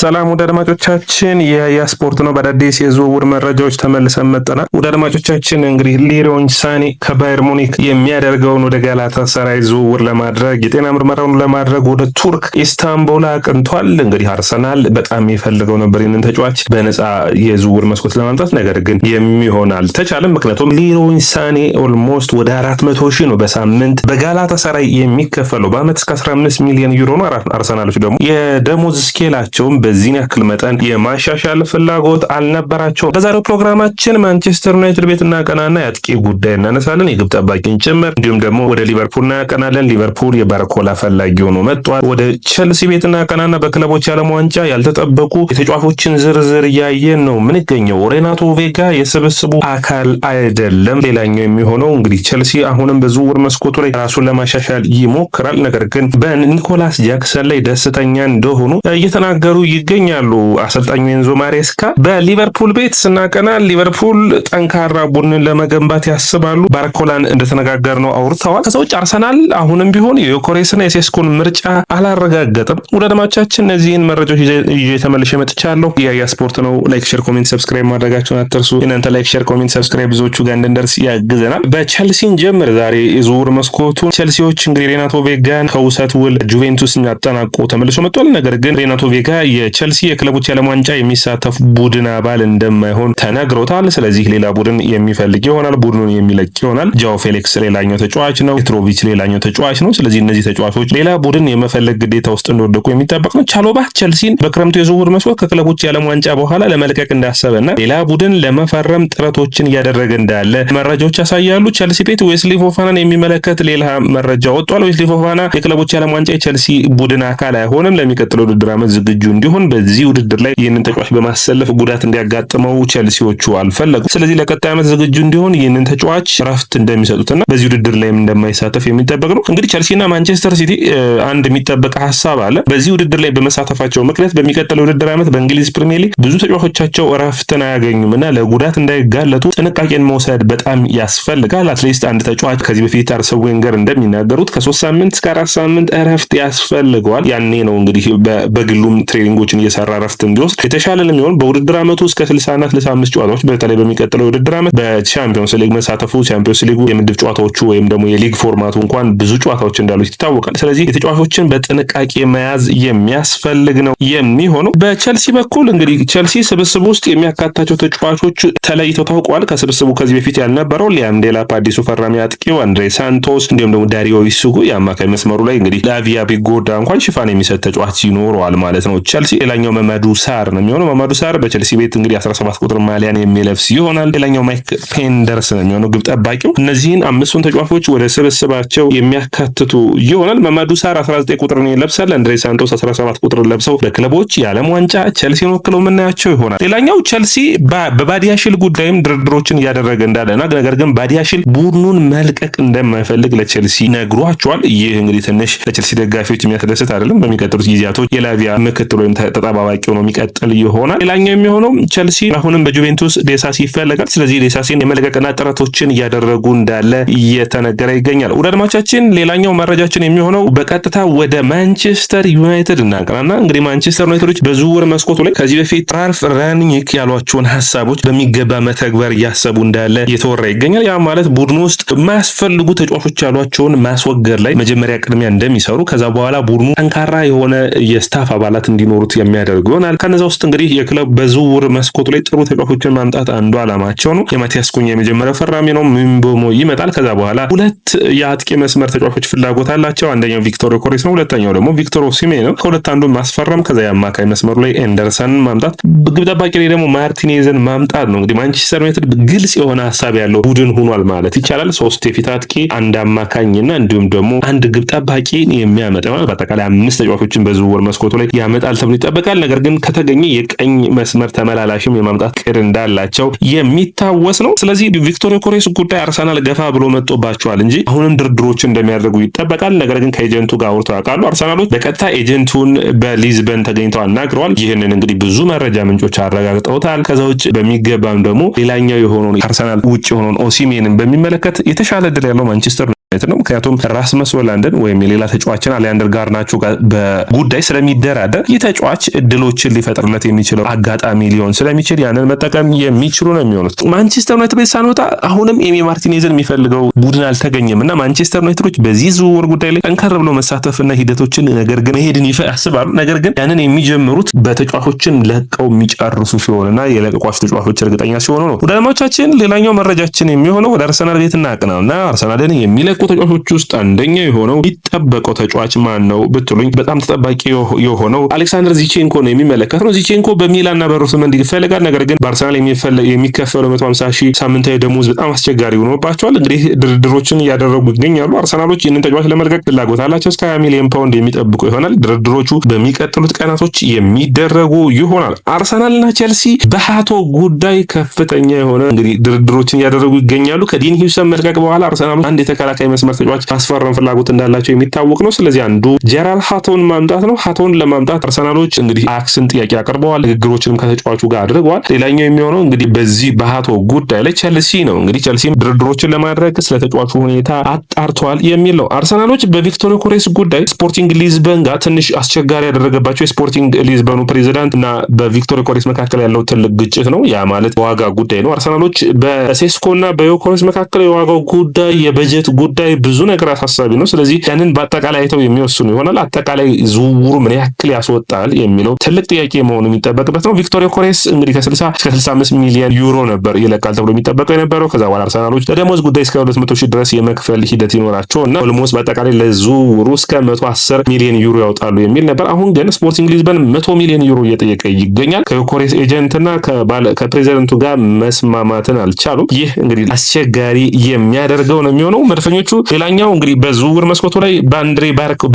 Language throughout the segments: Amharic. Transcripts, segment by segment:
ሰላም ወደ አድማጮቻችን የያ ስፖርት ነው። በአዳዲስ የዝውውር መረጃዎች ተመልሰን መጠናል። ወደ አድማጮቻችን እንግዲህ ሊሮን ሳኔ ከባየር ሙኒክ የሚያደርገውን ወደ ጋላታ ሰራይ ዝውውር ለማድረግ የጤና ምርመራውን ለማድረግ ወደ ቱርክ ኢስታንቡል አቅንቷል። እንግዲህ አርሰናል በጣም የፈልገው ነበር ይህንን ተጫዋች በነፃ የዝውውር መስኮት ለማምጣት ነገር ግን የሚሆን አልተቻለም። ምክንያቱም ሊሮን ሳኔ ኦልሞስት ወደ አራት መቶ ሺህ ነው በሳምንት በጋላታ ሰራይ የሚከፈለው በአመት እስከ 15 ሚሊዮን ዩሮ ነው። አርሰናሎች ደግሞ የደሞዝ ስኬላቸውን በዚህን ያክል መጠን የማሻሻል ፍላጎት አልነበራቸውም። በዛሬው ፕሮግራማችን ማንቸስተር ዩናይትድ ቤት እናቀናና የአጥቂ ጉዳይ እናነሳለን፣ የግብ ጠባቂን ጭምር እንዲሁም ደግሞ ወደ ሊቨርፑል እናቀናለን። ሊቨርፑል የባርኮላ ፈላጊ ሆኖ መጥቷል። ወደ ቸልሲ ቤት እናቀናና በክለቦች የዓለም ዋንጫ ያልተጠበቁ የተጫዋቾችን ዝርዝር እያየን ነው የምንገኘው። ሬናቶ ቬጋ የስብስቡ አካል አይደለም። ሌላኛው የሚሆነው እንግዲህ ቸልሲ አሁንም በዝውውር መስኮቱ ላይ ራሱን ለማሻሻል ይሞክራል። ነገር ግን በኒኮላስ ጃክሰን ላይ ደስተኛ እንደሆኑ እየተናገሩ ይገኛሉ። አሰልጣኙ ኤንዞ ማሬስካ በሊቨርፑል ቤት ስናቀና ሊቨርፑል ጠንካራ ቡድን ለመገንባት ያስባሉ። ባርኮላን እንደተነጋገር ነው አውርተዋል። ከዛ ውጭ አርሰናል አሁንም ቢሆን የዮኮሬስና የሴስኮን ምርጫ አላረጋገጥም። ውድ አድማጮቻችን እነዚህን መረጃዎች ይዤ ተመልሼ መጥቻለሁ። ያያ ስፖርት ነው። ላይክ፣ ሼር፣ ኮሜንት ሰብስክራይብ ማድረጋችሁን አትርሱ። እናንተ ላይክ፣ ሼር፣ ኮሜንት ሰብስክራይብ ብዙዎቹ ጋር እንድንደርስ ያግዘናል። በቸልሲን ጀምር ዛሬ የዝውውር መስኮቱን ቸልሲዎች እንግዲህ ሬናቶ ቬጋን ከውሰት ውል ጁቬንቱስ አጠናቆ ተመልሶ መጥቷል። ነገር ግን ሬናቶ ቬጋ የ የቸልሲ የክለቦች የዓለም ዋንጫ የሚሳተፍ ቡድን አባል እንደማይሆን ተነግሮታል። ስለዚህ ሌላ ቡድን የሚፈልግ ይሆናል። ቡድኑን የሚለቅ ይሆናል። ጃው ፌሊክስ ሌላኛው ተጫዋች ነው። ፔትሮቪች ሌላኛው ተጫዋች ነው። ስለዚህ እነዚህ ተጫዋቾች ሌላ ቡድን የመፈለግ ግዴታ ውስጥ እንደወደቁ የሚጠበቅ ነው። ቻሎባ ቸልሲን በክረምቱ የዝውውር መስኮት ከክለቦች የዓለም ዋንጫ በኋላ ለመልቀቅ እንዳሰበና ሌላ ቡድን ለመፈረም ጥረቶችን እያደረገ እንዳለ መረጃዎች ያሳያሉ። ቸልሲ ቤት ዌስሊ ፎፋናን የሚመለከት ሌላ መረጃ ወጥቷል። ዌስሊ ፎፋና የክለቦች የዓለም ዋንጫ የቸልሲ ቡድን አካል አይሆንም። ለሚቀጥለው ውድድር ዓመት ዝግጁ እንዲሆን አሁን በዚህ ውድድር ላይ ይህንን ተጫዋች በማሰለፍ ጉዳት እንዲያጋጥመው ቸልሲዎቹ አልፈለጉም። ስለዚህ ለቀጣይ ዓመት ዝግጁ እንዲሆን ይህንን ተጫዋች ረፍት እንደሚሰጡትና በዚህ ውድድር ላይም እንደማይሳተፍ የሚጠበቅ ነው። እንግዲህ ቸልሲና ማንቸስተር ሲቲ አንድ የሚጠበቅ ሀሳብ አለ። በዚህ ውድድር ላይ በመሳተፋቸው ምክንያት በሚቀጥለው ውድድር ዓመት በእንግሊዝ ፕሪሚየር ሊግ ብዙ ተጫዋቾቻቸው ረፍትን አያገኙም እና ለጉዳት እንዳይጋለጡ ጥንቃቄን መውሰድ በጣም ያስፈልጋል። አትሊስት አንድ ተጫዋች ከዚህ በፊት አርሰን ዌንገር እንደሚናገሩት ከሶስት ሳምንት እስከ አራት ሳምንት እረፍት ያስፈልገዋል። ያኔ ነው እንግዲህ በግሉም ትሬኒንጎች ጨዋታዎችን እየሰራ ረፍትን ቢወስድ የተሻለ ለሚሆን በውድድር ዓመቱ እስከ 60ና 65 ጨዋታዎች በተለይ በሚቀጥለው የውድድር አመት በቻምፒዮንስ ሊግ መሳተፉ ቻምፒዮንስ ሊጉ የምድብ ጨዋታዎቹ ወይም ደግሞ የሊግ ፎርማቱ እንኳን ብዙ ጨዋታዎች እንዳሉት ይታወቃል። ስለዚህ የተጫዋቾችን በጥንቃቄ መያዝ የሚያስፈልግ ነው የሚሆነው። በቸልሲ በኩል እንግዲህ ቸልሲ ስብስብ ውስጥ የሚያካታቸው ተጫዋቾች ተለይተው ታውቋል። ከስብስቡ ከዚህ በፊት ያልነበረው ሊያም ዴላፕ አዲሱ ፈራሚ አጥቂው፣ አንድሬ ሳንቶስ እንዲሁም ደግሞ ዳሪዮ ኢሱጉ የአማካይ መስመሩ ላይ እንግዲህ ለአቪያ ቢጎዳ እንኳን ሽፋን የሚሰጥ ተጫዋች ይኖረዋል ማለት ነው። ቼልሲ። ሌላኛው መመዱ ሳር ነው የሚሆነው። መመዱ ሳር በቼልሲ ቤት እንግዲህ 17 ቁጥር ማሊያን የሚለብስ ይሆናል። ሌላኛው ማይክ ፔንደርስ ነው የሚሆነው ግብ ጠባቂው። እነዚህን አምስቱን ተጫዋቾች ወደ ስብስባቸው የሚያካትቱ ይሆናል። መመዱ ሳር 19 ነው ይለብሳል። አንድሬ ሳንቶስ 17 ቁጥር ለብሰው በክለቦች የዓለም ዋንጫ ቼልሲን ወክለው የምናያቸው ይሆናል። ሌላኛው ቼልሲ በባዲያሽል ጉዳይም ድርድሮችን እያደረገ እንዳለና ነገር ግን ባዲያሽል ቡድኑን መልቀቅ እንደማይፈልግ ለቼልሲ ነግሯቸዋል። ይህ እንግዲህ ትንሽ ለቼልሲ ደጋፊዎች የሚያስደስት አይደለም። በሚቀጥሉት ጊዜያቶች የላቪያ ምክትል ወይም ተጠባባቂ ሆኖ የሚቀጥል ይሆናል። ሌላኛው የሚሆነው ቸልሲ አሁንም በጁቬንቱስ ዴሳሲ ይፈለጋል። ስለዚህ ዴሳሲን የመለቀቅና ጥረቶችን እያደረጉ እንዳለ እየተነገረ ይገኛል። ውድ አድማቻችን ሌላኛው መረጃችን የሚሆነው በቀጥታ ወደ ማንቸስተር ዩናይትድ እናቀናና እንግዲህ ማንቸስተር ዩናይትዶች በዝውውር መስኮቱ ላይ ከዚህ በፊት ራልፍ ራኒክ ያሏቸውን ሀሳቦች በሚገባ መተግበር እያሰቡ እንዳለ እየተወራ ይገኛል። ያ ማለት ቡድኑ ውስጥ የማያስፈልጉ ተጫዋቾች ያሏቸውን ማስወገድ ላይ መጀመሪያ ቅድሚያ እንደሚሰሩ ከዛ በኋላ ቡድኑ ጠንካራ የሆነ የስታፍ አባላት እንዲኖሩ እንዲጫወት የሚያደርጉ ይሆናል። ከነዛ ውስጥ እንግዲህ የክለብ በዝውውር መስኮቱ ላይ ጥሩ ተጫዋቾችን ማምጣት አንዱ አላማቸው ነው። የማቲያስ ኩኛ የመጀመሪያው ፈራሚ ነው። ምንቦሞ ይመጣል። ከዛ በኋላ ሁለት የአጥቂ መስመር ተጫዋቾች ፍላጎት አላቸው። አንደኛው ቪክቶር ኮሬስ ነው። ሁለተኛው ደግሞ ቪክቶር ኦሲሜን ነው። ከሁለት አንዱን ማስፈረም፣ ከዛ የአማካይ መስመሩ ላይ ኤንደርሰን ማምጣት፣ ግብ ጠባቂ ላይ ደግሞ ማርቲኔዝን ማምጣት ነው። እንግዲህ ማንቸስተር ዩናይትድ ግልጽ የሆነ ሀሳብ ያለው ቡድን ሆኗል ማለት ይቻላል። ሶስት የፊት አጥቂ፣ አንድ አማካኝና እንዲሁም ደግሞ አንድ ግብ ጠባቂ የሚያመጣ ይሆናል። በአጠቃላይ አምስት ተጫዋቾችን በዝውውር መስኮቱ ላይ ያመጣል ተብሎ ይጠበቃል። ነገር ግን ከተገኘ የቀኝ መስመር ተመላላሽም የማምጣት ቅድ እንዳላቸው የሚታወስ ነው። ስለዚህ ቪክቶር ዮኬሬስ ጉዳይ አርሰናል ገፋ ብሎ መጦባቸዋል እንጂ አሁንም ድርድሮች እንደሚያደርጉ ይጠበቃል። ነገር ግን ከኤጀንቱ ጋር አውርተው ያውቃሉ። አርሰናሎች በቀጥታ ኤጀንቱን በሊዝበን ተገኝተው አናግረዋል። ይህንን እንግዲህ ብዙ መረጃ ምንጮች አረጋግጠውታል። ከዛ ውጭ በሚገባም ደግሞ ሌላኛው የሆነውን አርሰናል ውጭ የሆነውን ኦሲሜንን በሚመለከት የተሻለ ድል ያለው ማንቸስተር ነው። ምክንያቱም ራስመስ ሆይሉንድን ወይም የሌላ ተጫዋችን አሊያንደር ጋርናቾ ጋር በጉዳይ ስለሚደራደር ይህ ተጫዋች እድሎችን ሊፈጥርለት የሚችለው አጋጣሚ ሊሆን ስለሚችል ያንን መጠቀም የሚችሉ ነው የሚሆኑት። ማንቸስተር ዩናይትድ ቤት ሳንወጣ አሁንም ኤሚ ማርቲኔዝን የሚፈልገው ቡድን አልተገኘም እና ማንቸስተር ዩናይትዶች በዚህ ዝውውር ጉዳይ ላይ ጠንከር ብሎ መሳተፍና ሂደቶችን ነገር ግን መሄድን ያስባሉ። ነገር ግን ያንን የሚጀምሩት በተጫዋቾችን ለቀው የሚጨርሱ ሲሆንና የለቀቋቸው ተጫዋቾች እርግጠኛ ሲሆኑ ነው። ወዳድማዎቻችን ሌላኛው መረጃችን የሚሆነው ወደ አርሰናል ቤት እና አርሰናልን የሚለቁ ተጫዋቾች ውስጥ አንደኛ የሆነው የሚጠበቀው ተጫዋች ማን ነው ብትሉኝ በጣም ተጠባቂ የሆነው አሌክሳንደር ዚቼንኮ ነው የሚመለከት ነው። ዚቼንኮ በሚላንና በሮስመንድ ይፈልጋል። ነገር ግን በአርሰናል የሚከፈለው 150 ሺህ ሳምንታዊ ደሞዝ በጣም አስቸጋሪ ሆኖባቸዋል። እንግዲህ ድርድሮችን እያደረጉ ይገኛሉ። አርሰናሎች ይህንን ተጫዋች ለመልቀቅ ፍላጎት አላቸው። እስከ 20 ሚሊዮን ፓውንድ የሚጠብቁ ይሆናል። ድርድሮቹ በሚቀጥሉት ቀናቶች የሚደረጉ ይሆናል። አርሰናልና ቸልሲ በሀቶ ጉዳይ ከፍተኛ የሆነ እንግዲህ ድርድሮችን እያደረጉ ይገኛሉ። ከዲን ሂውሰን መልቀቅ በኋላ አርሰናሎች አንድ የተከላካይ መስመር ተጫዋች ማስፈረም ፍላጎት እንዳላቸው የሚታወቅ ነው። ስለዚህ አንዱ ጀራል ሀቶን ማምጣት ነው። ሀቶን ለማምጣት አርሰናሎች ተጫዋቾች እንግዲህ አክስን ጥያቄ አቅርበዋል። ንግግሮችንም ከተጫዋቹ ጋር አድርገዋል። ሌላኛው የሚሆነው እንግዲህ በዚህ በሀቶ ጉዳይ ላይ ቸልሲ ነው እንግዲህ ቸልሲም ድርድሮችን ለማድረግ ስለ ተጫዋቹ ሁኔታ አጣርተዋል የሚል ነው። አርሰናሎች በቪክቶሪ ኮሬስ ጉዳይ ስፖርቲንግ ሊዝበን ጋር ትንሽ አስቸጋሪ ያደረገባቸው የስፖርቲንግ ሊዝበኑ ፕሬዚዳንት እና በቪክቶሪ ኮሬስ መካከል ያለው ትልቅ ግጭት ነው። ያ ማለት ዋጋ ጉዳይ ነው። አርሰናሎች በሴስኮ እና በዮኮሬስ መካከል የዋጋው ጉዳይ፣ የበጀት ጉዳይ ብዙ ነገር አሳሳቢ ነው። ስለዚህ ያንን በአጠቃላይ አይተው የሚወስኑ ይሆናል። አጠቃላይ ዝውውሩ ምን ያክል ያስወጣል የሚለው ትልቅ ጥያቄ መሆኑ የሚጠበቅበት ነው። ቪክቶሪያ ኮሬስ እንግዲህ ከ60 እስከ 65 ሚሊዮን ዩሮ ነበር ይለቃል ተብሎ የሚጠበቀው የነበረው። ከዛ በኋላ አርሰናሎች ለደሞዝ ጉዳይ እስከ 200 ሺህ ድረስ የመክፈል ሂደት ይኖራቸው እና ኦልሞስ በአጠቃላይ ለዝውውሩ እስከ 110 ሚሊዮን ዩሮ ያወጣሉ የሚል ነበር። አሁን ግን ስፖርቲንግ ሊዝበን 100 ሚሊዮን ዩሮ እየጠየቀ ይገኛል። ከኮሬስ ኤጀንትና ከፕሬዚደንቱ ጋር መስማማትን አልቻሉም። ይህ እንግዲህ አስቸጋሪ የሚያደርገው ነው የሚሆነው መድፈኞቹ። ሌላኛው እንግዲህ በዝውውር መስኮቱ ላይ በአንድሬ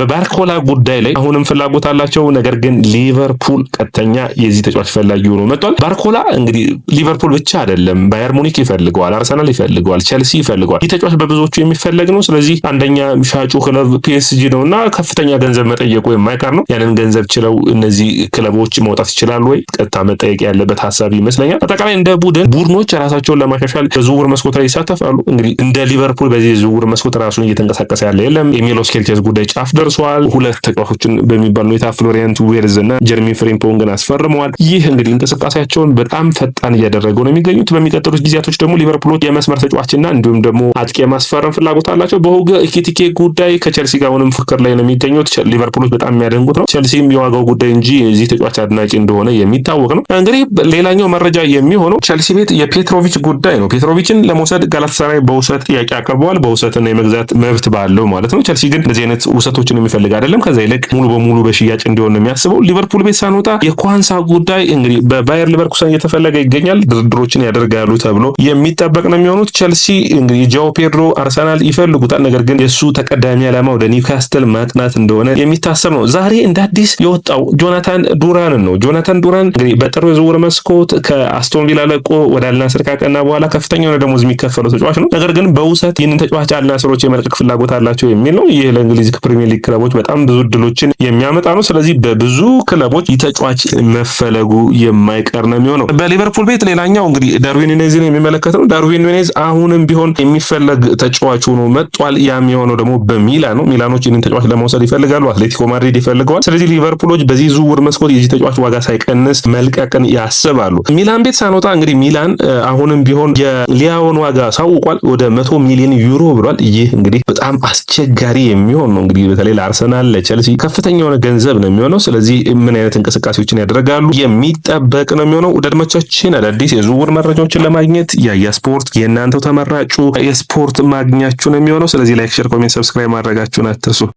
በባርኮላ ጉዳይ ላይ አሁንም ፍላጎት አላቸው። ነገር ግን ሊቨርፑል ቀጥተኛ የዚህ ተጫዋች ፈላጊ ሆኖ መጥቷል። ባርኮላ እንግዲህ ሊቨርፑል ብቻ አይደለም፣ ባየር ሙኒክ ይፈልገዋል፣ አርሰናል ይፈልገዋል፣ ቸልሲ ይፈልገዋል። ይህ ተጫዋች በብዙዎቹ የሚፈለግ ነው። ስለዚህ አንደኛ ሻጩ ክለብ ፒኤስጂ ነው እና ከፍተኛ ገንዘብ መጠየቁ የማይቀር ነው። ያንን ገንዘብ ችለው እነዚህ ክለቦች መውጣት ይችላሉ ወይ? ቀጥታ መጠየቅ ያለበት ሀሳብ ይመስለኛል። አጠቃላይ እንደ ቡድን ቡድኖች ራሳቸውን ለማሻሻል በዝውውር መስኮት ላይ ይሳተፋሉ። እንግዲህ እንደ ሊቨርፑል በዚህ ዝውውር መስኮት ራሱን እየተንቀሳቀሰ ያለ የለም። የሚሎስ ኬርኬዝ ጉዳይ ጫፍ ደርሰዋል። ሁለት ተጫዋቾችን በሚባል ሁኔታ ፍሎሪያንት ቪርትዝ እና ጀርሚ ፍሬምፖንግን አስፈርመዋል። ይህ እንግዲህ እንቅስቃሴያቸውን በጣም ፈጣን እያደረገው ነው የሚገኙት። በሚቀጥሉት ጊዜያቶች ደግሞ ሊቨርፑሎች የመስመር ተጫዋችና እንዲሁም ደግሞ አጥቂ የማስፈረም ፍላጎት አላቸው። በሁገ ኢኪቲኬ ጉዳይ ከቸልሲ ጋር አሁንም ፍክር ላይ ነው የሚገኙት። ሊቨርፑሎች በጣም የሚያደንጉት ነው። ቸልሲም የዋጋው ጉዳይ እንጂ እዚህ ተጫዋች አድናቂ እንደሆነ የሚታወቅ ነው። እንግዲህ ሌላኛው መረጃ የሚሆነው ቸልሲ ቤት የፔትሮቪች ጉዳይ ነው። ፔትሮቪችን ለመውሰድ ጋላታሳራይ በውሰት ጥያቄ አቅርበዋል። በውሰትና የመግዛት መብት ባለው ማለት ነው። ቸልሲ ግን እንደዚህ አይነት ውሰቶችን የሚፈልግ አይደለም። ከዛ ይልቅ ሙሉ በሙሉ በሽያጭ እንዲሆን ነው የሚያስበው። ሊቨርፑል ቤት ሳንወጣ የኳንሳ ጉዳይ እንግዲህ በባየር ሊቨርኩሰን እየተፈለገ ይገኛል። ድርድሮችን ያደርጋሉ ተብሎ የሚጠበቅ ነው የሚሆኑት። ቸልሲ እንግዲህ ጃው ፔድሮ አርሰናል ይፈልጉታል። ነገር ግን የእሱ ተቀዳሚ ዓላማ ወደ ኒውካስትል ማቅናት እንደሆነ የሚታሰብ ነው። ዛሬ እንደ አዲስ የወጣው ጆናታን ዱራንን ነው። ጆናታን ዱራን እንግዲህ በጥር የዝውውር መስኮት ከአስቶን ቪላ ለቆ ወደ አልናስር ካቀና በኋላ ከፍተኛ የሆነ ደሞዝ የሚከፈለው ተጫዋች ነው። ነገር ግን በውሰት ይህንን ተጫዋች አልናስሮች የመልቀቅ ፍላጎት አላቸው የሚል ነው። ይህ ለእንግሊዝ ፕሪሚየር ሊግ ክለቦች በጣም ብዙ እድሎችን የሚያመጣ ነው። ስለዚህ በብዙ ክለቦች ይተጫዋች መፈለጉ የማይቀር ነው የሚሆነው። በሊቨርፑል ቤት ሌላኛው እንግዲህ ዳርዊን ኑኔዝን የሚመለከት ነው። ዳርዊን ኑኔዝ አሁንም ቢሆን የሚፈለግ ተጫዋች ሆኖ መጥቷል። ያም የሆነው ደግሞ በሚላን ነው። ሚላኖች ይህንን ተጫዋች ለመውሰድ ይፈልጋሉ። አትሌቲኮ ማድሪድ ይፈልገዋል። ስለዚህ ሊቨርፑሎች በዚህ ዝውውር መስኮት የዚህ ተጫዋች ዋጋ ሳይቀንስ መልቀቅን ያስባሉ። ሚላን ቤት ሳንወጣ እንግዲህ ሚላን አሁንም ቢሆን የሊያውን ዋጋ ሳውቋል። ወደ መቶ ሚሊዮን ዩሮ ብሏል። ይህ እንግዲህ በጣም አስቸጋሪ የሚሆን ነው። እንግዲህ በተለይ ለአርሰናል፣ ለቸልሲ ከፍተኛ የሆነ ገንዘብ ነው የሚሆነው። ስለዚህ ምን አይነት እንቅስቃሴዎችን ያደርጋሉ የሚጠበቅ ነው የሚሆነው። ውድ አድማጮቻችን አዳዲስ የዝውውር መረጃዎችን ለማግኘት ያያ ስፖርት የእናንተው ተመራጩ የስፖርት ማግኛችሁ ነው የሚሆነው። ስለዚህ ላይክ፣ ሼር፣ ኮሜንት፣ ሰብስክራይብ ማድረጋችሁን አትርሱ።